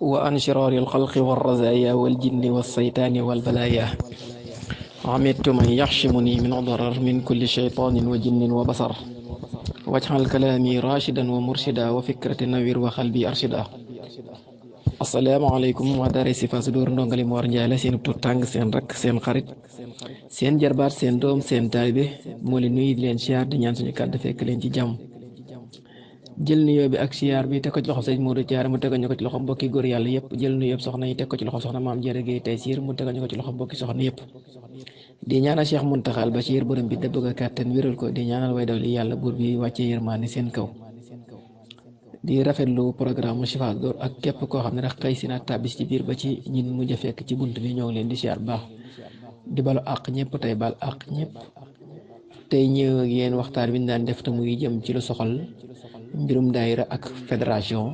وعن شرار الخلق والرزايا والجن والشيطان والبلايا عمدت من يحشمني من ضرر من كل شيطان وجن وبصر واجعل كلامي راشدا ومرشدا وفكرة نوير وقلبي أرشدا السلام عليكم ودار سيفا سدور نونغلي مورنجا لا سين توتانغ سين رك سين خريط سين جربار سين دوم سين تايبي مولي نوي لين شيار دي نيان سوني كاد جي جام jël nuyoo bi ak siyaar bi teg ko ci loxo sëñ Modou Thiaré mu teg ko ci loxo mbokki góor yàlla yëpp jël nuyoo bi soxna yi teg ko ci loxo soxna maam Jërë Géey Taysiir mu teg ñu ko ci loxo mbokki soxna yëpp di ñaanal Cheikh Mountakha Al Bachir bi dëbb ak kàttan wéral ko di ñaanal way daw bi wàccee yërmaani seen xam ne rek xëy si na tàbbis ci biir ba ci ñin mujj a fekk ci bunt bi ñoo leen di siyaar baax di balu àq ñëpp tey bal àq ñëpp tey ñëw ak waxtaan bi ñu daan def te muy jëm ci lu soxal mbirum daayira ak fédération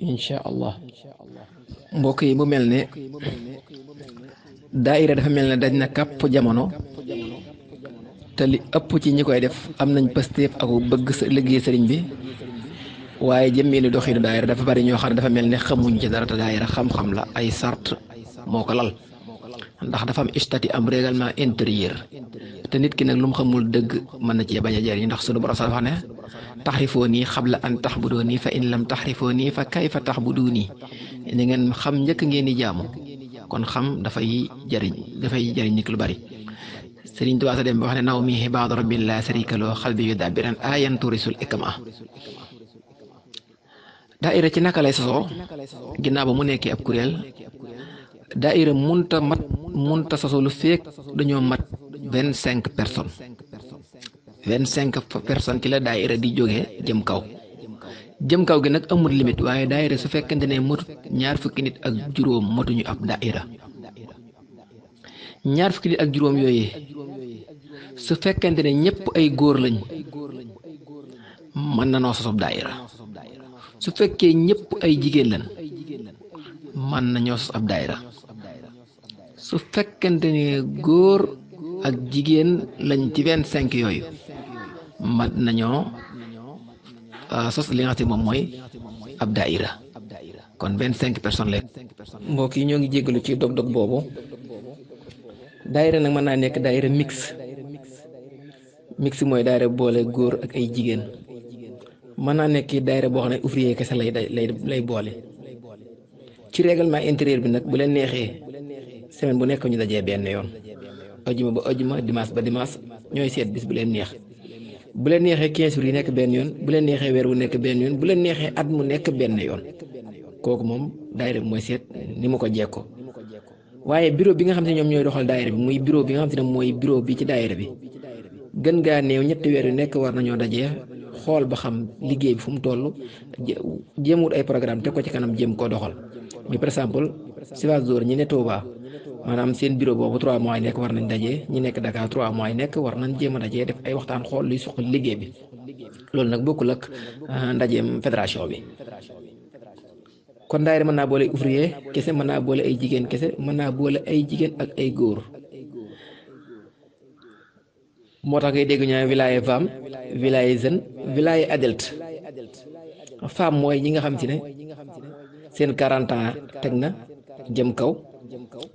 incha allah mbokk yi bu mel ne daayira dafa mel ne daj na kàpp jamono te li ëpp ci ñi koy def am nañ pëstéef ak bëgg liggéey sëriñ bi waaye jëmmee ni doxiinu daayira dafa bari ñoo xam ne dafa mel ne xamuñ ci dara te daayira xam-xam la ay sart moo ko lal ndax dafa am statut am règlement intérieur te nit ki nag lu mu xamul dëgg mën na cee bañ a jëriñ ndax sunu borom sax wax ne taxrifoo nii xabla an taxbudoo nii fa in lam taxrifoo nii fa kay fa taxbudoo nii ni ngeen xam njëkk ngeen di jaamu kon xam dafay jëriñ dafay jëriñ nit lu bari Sëriñ Tuubaa sa dem ba wax ne naw mi xibaadu rabbil laa sarika loo xal bi yu daabiran ayan turisul ikama daayira ci naka lay sosoo ginnaaw ba mu nekkee ab kuréel daayira munta mat munta sosoo lu feek dañoo mat vingt cinq personnes vingt cinq personnes ci la daayira di jógee jëm kaw jëm kaw gi nag amut limite waaye daayira su fekkente ne motut ñaar fukki nit ak juróom motuñu ab daayira ñaar fukki nit ak juróom yooyu su fekkente ne ñëpp ay góor lañ mën na noo sosob daayira su fekkee ñëpp ay jigéen lañ mën na ñoo sos ab daayira su fekkente ne góor ak jigéen lañ ci vingt cinq yooyu mat nañoo euh, sos li nga xam moom mooy ab daayira kon vingt cinq personnes lañ. mbokk yi ñoo ngi jégalu ci dog-dog boobu daayira nag mën naa nekk daayira mix mix mooy daayira boole góor ak ay jigéen mën naa nekk daayira boo xam ne ouvrier kese lay lay lay boole ci règlement intérieur bi nag bu leen neexee semaine bu nekk ñu dajee benn yoon. ajuma ba ajuma dimanche ba dimanche ñooy seet bis bu leen neex bu leen neexee quinze jours yi nekk benn yoon bu leen neexee nekk benn yoon bu leen neexee at mu nekk benn yoon kooku moom daayira bi mooy seet ni mu ko jekko waaye biro bi nga xam ne ñoom ñooy doxal daayira bi muy biro bi nga xam ne mooy bureau bi ci daayira bi gën gaa neew ñetti weer yu nekk war nañoo dajee xool ba xam liggéey bi fu mu toll jéem wut ay programme teg ko ci kanam jéem koo doxal muy par exemple Sivas Dóor ñi maanaam seen bureau boobu trois mois nekk war nañ daje ñi nekk Dakar trois mois yi nekk war nañ jéem a daje def ay waxtaan xool luy suqal liggéey bi loolu nag bokkul ak ah, ndajeem fédération bi kon daayira mën naa boole ouvrier kese mën naa boole ay jigéen kese mën naa boole ay jigéen ak ay góor moo tax ngay dégg ñaa wilaaye femme wilaaye jeune wilaaye adelte femme mooy ñi nga xam ci ne seen 40 ans teg na jëm kaw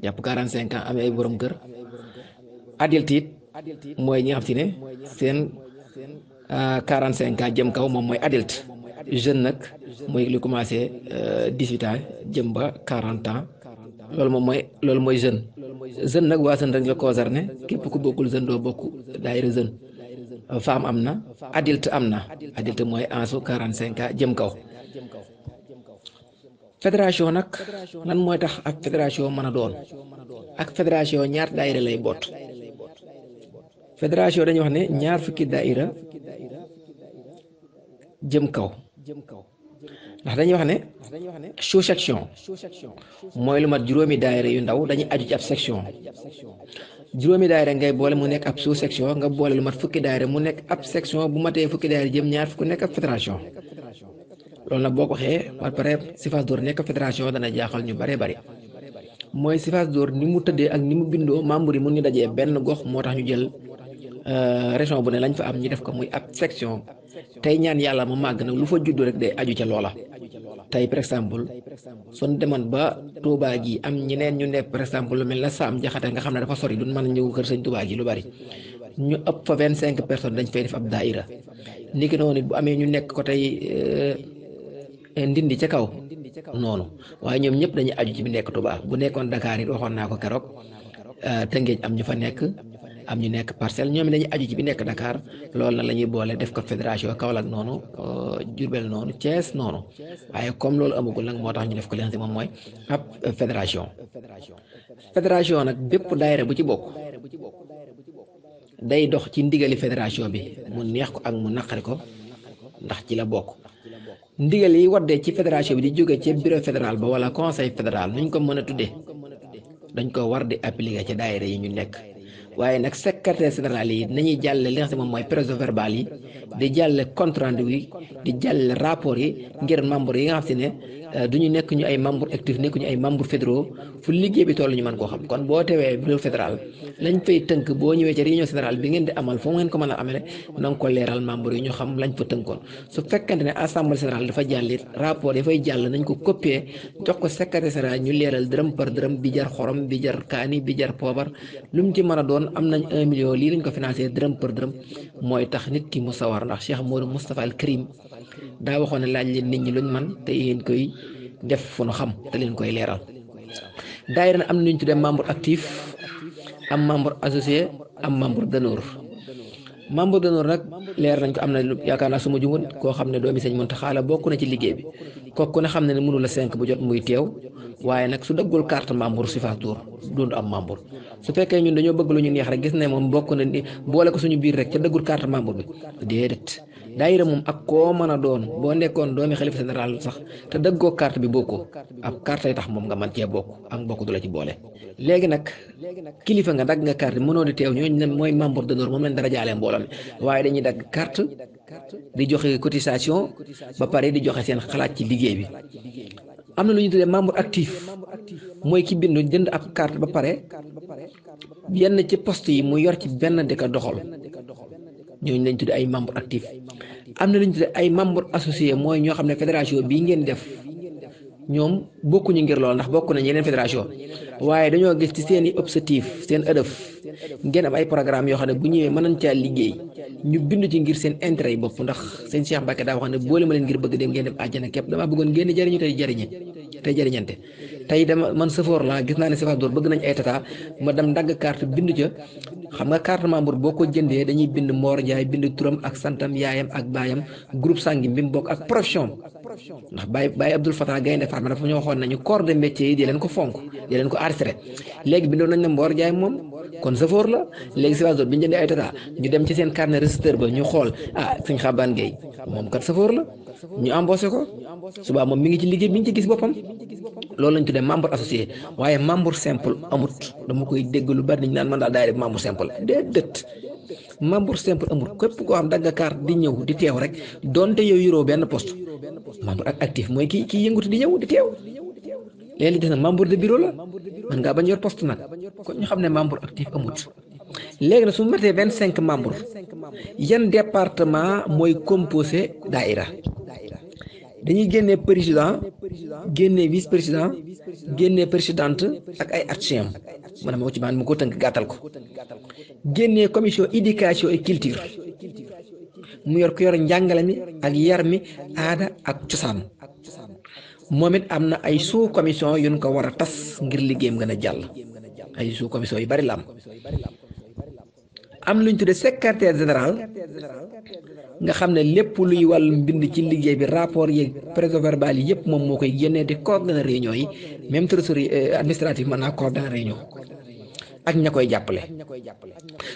jàpp 45 ans amee ay borom kër adulte mooy ñi nga si ne seen 45 euh, ans jëm kaw moom mooy adulte jeune nag mooy lu commencé 18 euh, ans jëm ba 40 ans loolu moom mooy loolu mooy jeune jeune nag waa jeune rek la concerné képp ku bokkul jeune doo bokk daayira jeune femme am na adulte am na adulte mooy ansu 45 ans jëm kaw. fédération nag nan mooy tax ak fédération mën a doon ak fédération ñaar daayira lay boot fédération dañuy wax ne ñaar fukki daayira jëm kaw ndax dañuy wax ne sous section mooy lu mat juróomi daayira yu ndaw dañuy aju ci ab section juróomi daayira ngay boole mu nekk ab sous section nga boole lu mat fukki daayira mu nekk ab section bu matee fukki daayira jëm ñaar fukki nekk ab fédération loolu nag boo ko waxee ba pare Sifaas Dóor nekk fédération dana jaaxal ñu bëree bëri mooy Sifaas Dóor ni mu tëddee ak ni mu bindoo membre yi mun ñu dajee benn gox moo tax ñu jël euh, région bu ne lañ fa am ñu def ko muy ab section tey ñaan yàlla mu màgg nag lu fa juddu rek day aju ca loola. tey par exemple suñ demoon ba Touba gi am ñeneen ñu ne par exemple lu mel ne Saam Jaxate nga xam ne dafa sori duñ mën a ñëw kër sëñ Touba gi lu bari ñu ëpp fa vingt cinq personnes dañ fay def ab daaira niki noonu bu amee ñu nekk ko tey. Euh, Eh, ndindi ca kaw noonu waaye ñoom ñëpp dañuy aju ci bi nekk Touba bu nekkoon dakaar it waxoon naa ko keroog eh, Tëngéej am ñu fa nekk am ñu nekk parcelle ñoom dañuy aju ci bi nekk dakaar loolu na la ñuy boole def ko fédération Kaolack noonu eh, Diourbel noonu Thiès noonu waaye comme loolu amagul nag moo tax ñu def ko leen si moom mooy ab fédération fédération nag bépp daayira bu ci bokk day dox ci ndigali fédération bi mu neex ko ak mu naqari ko ndax ci la ndigal yi waddee ci fédération bi di jóge ci bureau fédéral ba wala conseil fédéral nuñ ko mën a tuddee dañ ko war di appliquer ci daayira yi ñu nekk waaye nag secrétaire général yi nañuy jàlle li nga xam moom mooy procès verbal yi di jàlle compte rendu yi di jàlle rapport yi ngir membre yi nga xam si ne Euh, du ñu nekk ñu ay membre actif nekk ñu ay membre fédéraux fu liggéey bi toll ñu mën ko xam kon boo tewee bureau fédéral lañ fay tënk boo ñëwee ci réunion fédérale bi ngeen di amal foo ngeen ko mën a amale na nga ko leeral membre yi ñu xam lañ fa tënkoon su fekkante ne assemblée générale dafa jàll it rapport dafay jàll nañ ko copier jox ko secrétaire général ñu leeral dërëm par dërëm bi jar xorom bi jar kaani bi jar poobar lu mu ci mën a doon am nañ un lii lañ ko financé dërëm par dërëm mooy tax nit ki mu sawar ndax Cheikh Modou Moustapha Al Karim daa waxoon laaj leen nit ñi luñ man te yéen koy def fu nu xam te leen koy leeral daayira na am na ñu tuddee membre actif am membre associé am membre danoor membre danoor nag leer nañ ko am na yaakaar naa suma jumoon koo xam ne doomi sëñ Muntaxa la bokk na ci liggéey bi kooku ne xam ne ne mënula cinq bu jot muy teew waaye nag su daggul carte membre si fas dóor doondu am membre su fekkee ñun dañoo bëgg lu ñu neex rek gis ne moom bokk na ni boole ko suñu biir rek ca daggul carte membre bi daayira moom ak koo mën a doon boo nekkoon doomi xalifa général sax te dëggoo carte bi bokkoo ab carte yi tax moom nga man cee bokk ak bokk du la ci boole léegi nag kilifa nga dagg nga carte bi mënoo di teew ñooñu mooy membre d'honneur moom leen dara jaale mbooloo mi waaye dañuy dagg carte di joxe cotisation ba pare di joxe seen xalaat ci liggéey bi am na lu ñu tuddee membre actif mooy ki bindu jënd ab carte ba pare yenn ci poste yi mu yor ci benn di ko doxal ñooñu lañ tuddee ay membre actif am na lañ tuddee ay membre associé mooy ñoo xam ne fédération bii ngeen def ñoom bokkuñu ngir lool ndax bokk nañ yeneen fédération waaye dañoo gis ci seeni i objectif seen ëdëf ngeen am ay programme yoo xam ne bu ñëwee mën nañ caa liggéey ñu bind ci ngir seen intérêt yi bopp ndax sëñ Cheikh Mbacke daa wax ne boole ma leen ngir bëgg dem ngeen dem àjjana képp damaa bëggoon ngeen jëriñu tey jëriñe tey jëriñante tey dama man safoor laa gis naa ne safaar door bëgg nañ ay tata ma dem dagg carte bind ca xam nga carte membre boo ko jëndee dañuy bind Mor bind turam ak santam yaayam ak baayam groupe sangi bi mu bokk ak profession ndax Baye Baye Abdoul Fatah Gaynde Fatma dafa ñoo waxoon ko fonk di leen ko arrêté léegi bindoon ne Mor Ndiaye moom kon safoor la léegi si wàllu bi ñu jëndee ay tata ñu dem ci seen carnet registre ba ñu xool ah suñ xabaan gay moom kat safoor la. ñu embauché ko subaa moom mi ngi ci liggéey bi ñu ci gis boppam loolu lañ tuddee membre associé waaye membre simple amut dama koy dégg lu bari ñu naan man daal daayira membre simple déedéet membre simple amut képp koo xam dagga kaar di ñëw di teew rek donte yow yoroo benn post membre ak actif mooy kii kii yëngutu di ñëw di teew léegi def na membre de bureau la man ngaa bañ yor poste nag kon ñu xam ne membre actif amut léegi nag su matee vingt cinq membre yan département mooy composé daaira dañuy génne président génne vice président génne président ak ay artiam man ma ko ci man ma ko tënk gàttal ko génne commission éducation et culture mu yor ku yor njàngale mi ak yar mi aada ak cosaan moom it am na ay sous commission yuñ ko war a tas ngir liggéeyam gën a jàll ay sous commission yu bari la am am lu ñu tuddee secrétaire général nga xam ne lépp luy wàllu mbind ci liggéey bi rapport yeeg préso-verbal yi yëpp moom moo koy génnee di coordonner réunion yi même trésorier euh, administratif mën naa coordonner réunion ak ña koy jàppale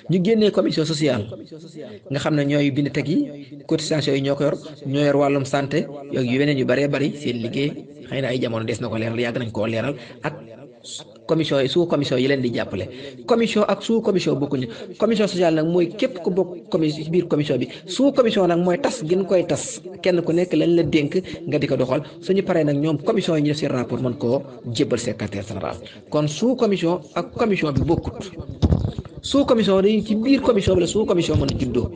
ñu génnee commission sociale nga xam ne ñooy bind teg yi cotisation yi ñoo ko yor ñoo yor wàllum santé yooyu yu weneen yu bëree bëri seen liggéey xëy na ay jamono des na ko leeral yàgg nañ koo leeral ak. commission yi sous commission yi leen di jàppale commission ak sous commission bokkuñu commission sociale nag mooy képp ku bokk commission biir commission bi sous commission nag mooy tas gin koy tas kenn ku nekk lañ la dénk nga di ko doxal suñu paree nag ñoom commission yi ñu def seen rapport mën koo jébbal secrétaire général kon sous commission ak commission bi bokkut sous commission dañu ci biir commission bi la sous commission mën a juddoo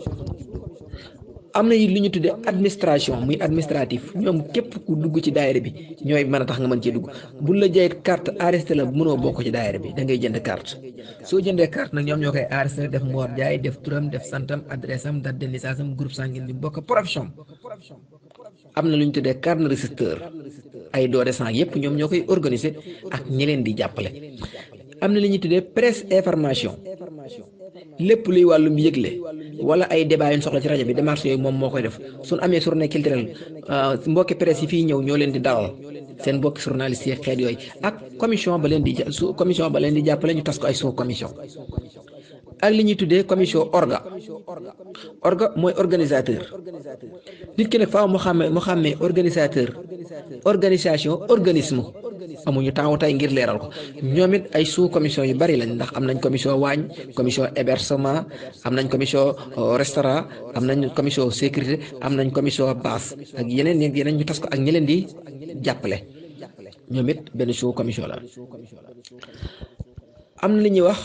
am na lu ñu tuddee administration muy administratif ñoom képp ku dugg ci daayira bi ñooy mën a tax nga mën cee dugg bu la jaayit carte arrêté la mënoo bokk ci daayira bi da ngay jënd carte soo jëndee carte nag ñoom ñoo koy arrêté def Mor Jaay def turam def santam adresse am date de naissance am groupe sanguin bi bokk profession am na lu ñu tuddee carnet registre ay doode sang yépp ñoom ñoo koy organiser ak ñi leen di jàppale am na lu ñu tuddee presse information lépp luy wàllum yëgle wala ay débat yu soxla ci rajo bi démarche yooyu moom moo koy def suñ amee journée culturelle euh, mbokki presse yi fii ñëw ñoo leen di dalal seen mbokki journaliste yi xeet yooyu ak commission ba leen di su ba leen di jàppale ñu tas ko ay sous commission ak li ñuy tuddee commission orga orga mooy organisateur nit ki nag faaw mu xàmmee mu xàmmee organisateur organisation organisme amuñu temps tey ngir leeral ko ñoom ay sous commission yu bari lañ ndax am nañ commission waañ commission hébergement am nañ commission euh, restaurant am nañ commission sécurité am nañ commission basse ak yeneen yeneen ñu tas ko ak ñi leen di jàppale ñoom it benn sous commission la am na lu ñuy wax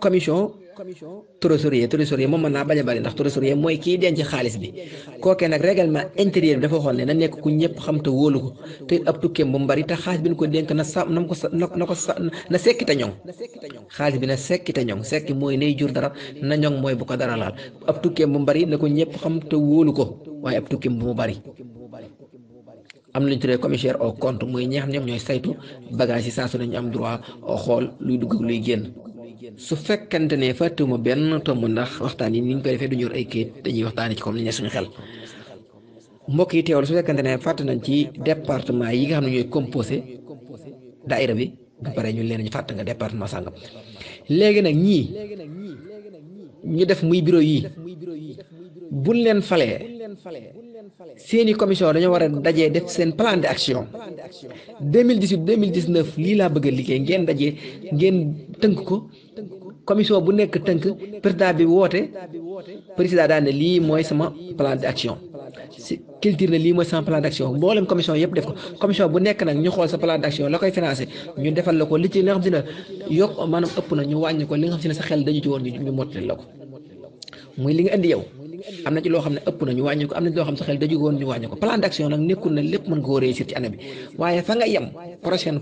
commission trésorier trésorier moom mën naa bañ a bari ndax trésorier mooy kii denc xaalis bi kookee nag règlement intérieur bi dafa waxoon ne na nekk ku ñëpp xam te wóolu ko te ab bari te xaalis bi ñu ko dénk na sa na ko sa na ko sa na sekki te ñoŋ xaalis bi na sekki te ñoŋ sekki mooy nay jur dara na ñoŋ mooy bu ko dara laal ab tukkeem mu bari na ko ñëpp xam te wóolu ko waaye ab tukkeem bu mu bari am na lu ñu tuddee commissaire au compte mooy ñi xam ñoom ñooy saytu bagage yi saa su ne ñu am droit xool luy dugg ak luy génn su fekkente ne fàttewuma benn tomb ndax waxtaan yi ni ñu koy defee du ñor ay kayit dañuy waxtaanee ci comme li ne suñu xel mbokk yi teewul su fekkente ne fàtte nañ ci département yi nga xam ne ñooy composé daayira bi ba pare ñu leen ñu fàtte nga département sàngam léegi nag ñii. ñu def muy biro yi buñ leen falee seeni commission dañoo war a dajee def seen plan d'action 2018 2019 lii laa bëgg a liggéey ngeen dajee ngeen tënk ko commission bu nekk tënk président bi woote président daan ne lii mooy sama plan d'action si culture ne lii commission bu nekk nag ñu xool sa plan d'action la koy financé ñu defal la ko li ci li nga xam si ne sa xel dañu woon ñu mottali la ko muy li nga indi yow am na ci loo xam ne ëpp na ñu wàññi ko am na ci loo xam sa xel daju woon ñu wàññi ko plan d'action nag nekkul na lépp mën koo réussir ci année bi waaye fa nga yem prochaine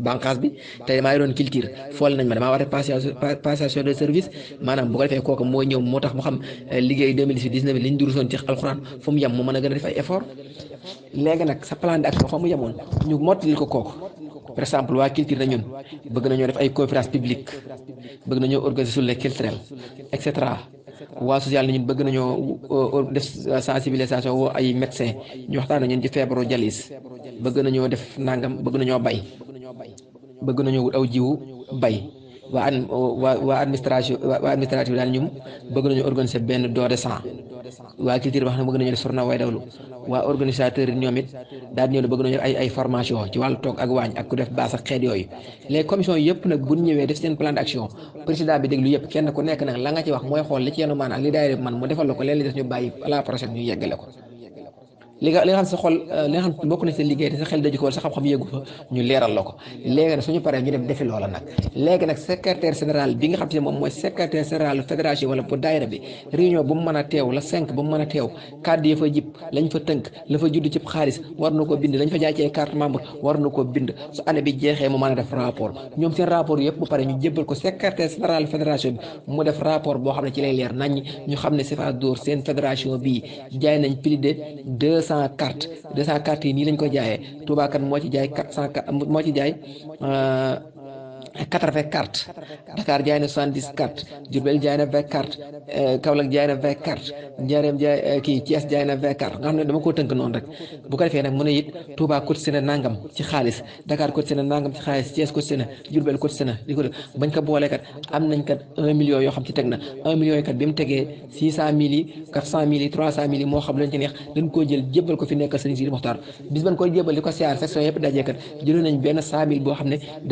bànqaas bi tey maa yoroon culture fool nañ ma damaa war a passation de service maanaam bu ko moo ñëw moo tax mu xam eh, liggéey 2018 19 li ñu durusoon ci alxuraan fu mu yem mu mën a gën a def ay effort léegi nag sa plan d'action fa mu yemoon ñu mottalil ko kooku par exemple waa culture na ñun bëgg nañoo def ay conférence publique bëgg nañoo organiser sur les culturels et cetera waa social na ñun bëgg nañoo euh, euh, def sensibilisation woo ay médecins ñu waxtaan na ñun def nangam bëgg nañoo bay bëgg nañu wut aw jiwu bay waa ad waa waa administration daal ñum bëgg nañu organiser benn don de sang waa culture wax na bëgg nañu sorna way dawlu waa organisateur yi ñoom it daal di ñëw ne bëgg nañu ay ay formation ci wàllu toog ak waañ ak ku def baas ak xeet yooyu les commissions yëpp nag bu ñëwee def seen plan d'action président bi déglu yëpp kenn ku nekk nag la nga ci wax mooy xool li ci yenu maan ak li daayira man mu defal la ko leen li def li nga li nga xam sa xol li nga xam bokk na sa liggéey te sa xel daju ko wala sa xam-xam yëgu fa ñu leeral la ko léegi nag suñu paree ñu dem defi loola nag léegi nag secrétaire général bi nga xam si moom mooy secrétaire général fédération wala bu daayira bi réunion bu mu mën a teew la cinq bu mu mën a teew kàddu ya fa jib lañ fa tënk la fa judd ci xaalis war na ko bind lañ fa jaay ci carte membre war na ko bind su année bi jeexee mu mën a def rapport ñoom seen rapport yëpp bu pare ñu jébbal ko secrétaire général fédération bi mu def rapport boo xam ne ci lay leer nañ ñu xam ne Sifadoor seen fédération bi jaay nañ plus de deux 204 204 yi ni lañ ko jaayé touba kan mo ci jaay 204 mo ci jaay euh quatre-vingts cartes Dakar jaay na soixante-dix cartes Diourbel jaay na vingt cartes euh, Kaolack jaay na vingt cartes Njaareem jaay euh, kii Thiès jaay na vingt cartes nga xam ne dama koo tënk noonu rek bu ko defee nag mu ne it Touba cotisé na nangam ci xaalis Dakar cotisé na nangam ci xaalis Thiès cotisé na Diourbel cotisé na di ko bañ ko boolee kat am nañ kat un million yoo xam ci teg un million yi kat bi mu tegee six cent mille quatre cent mille trois cent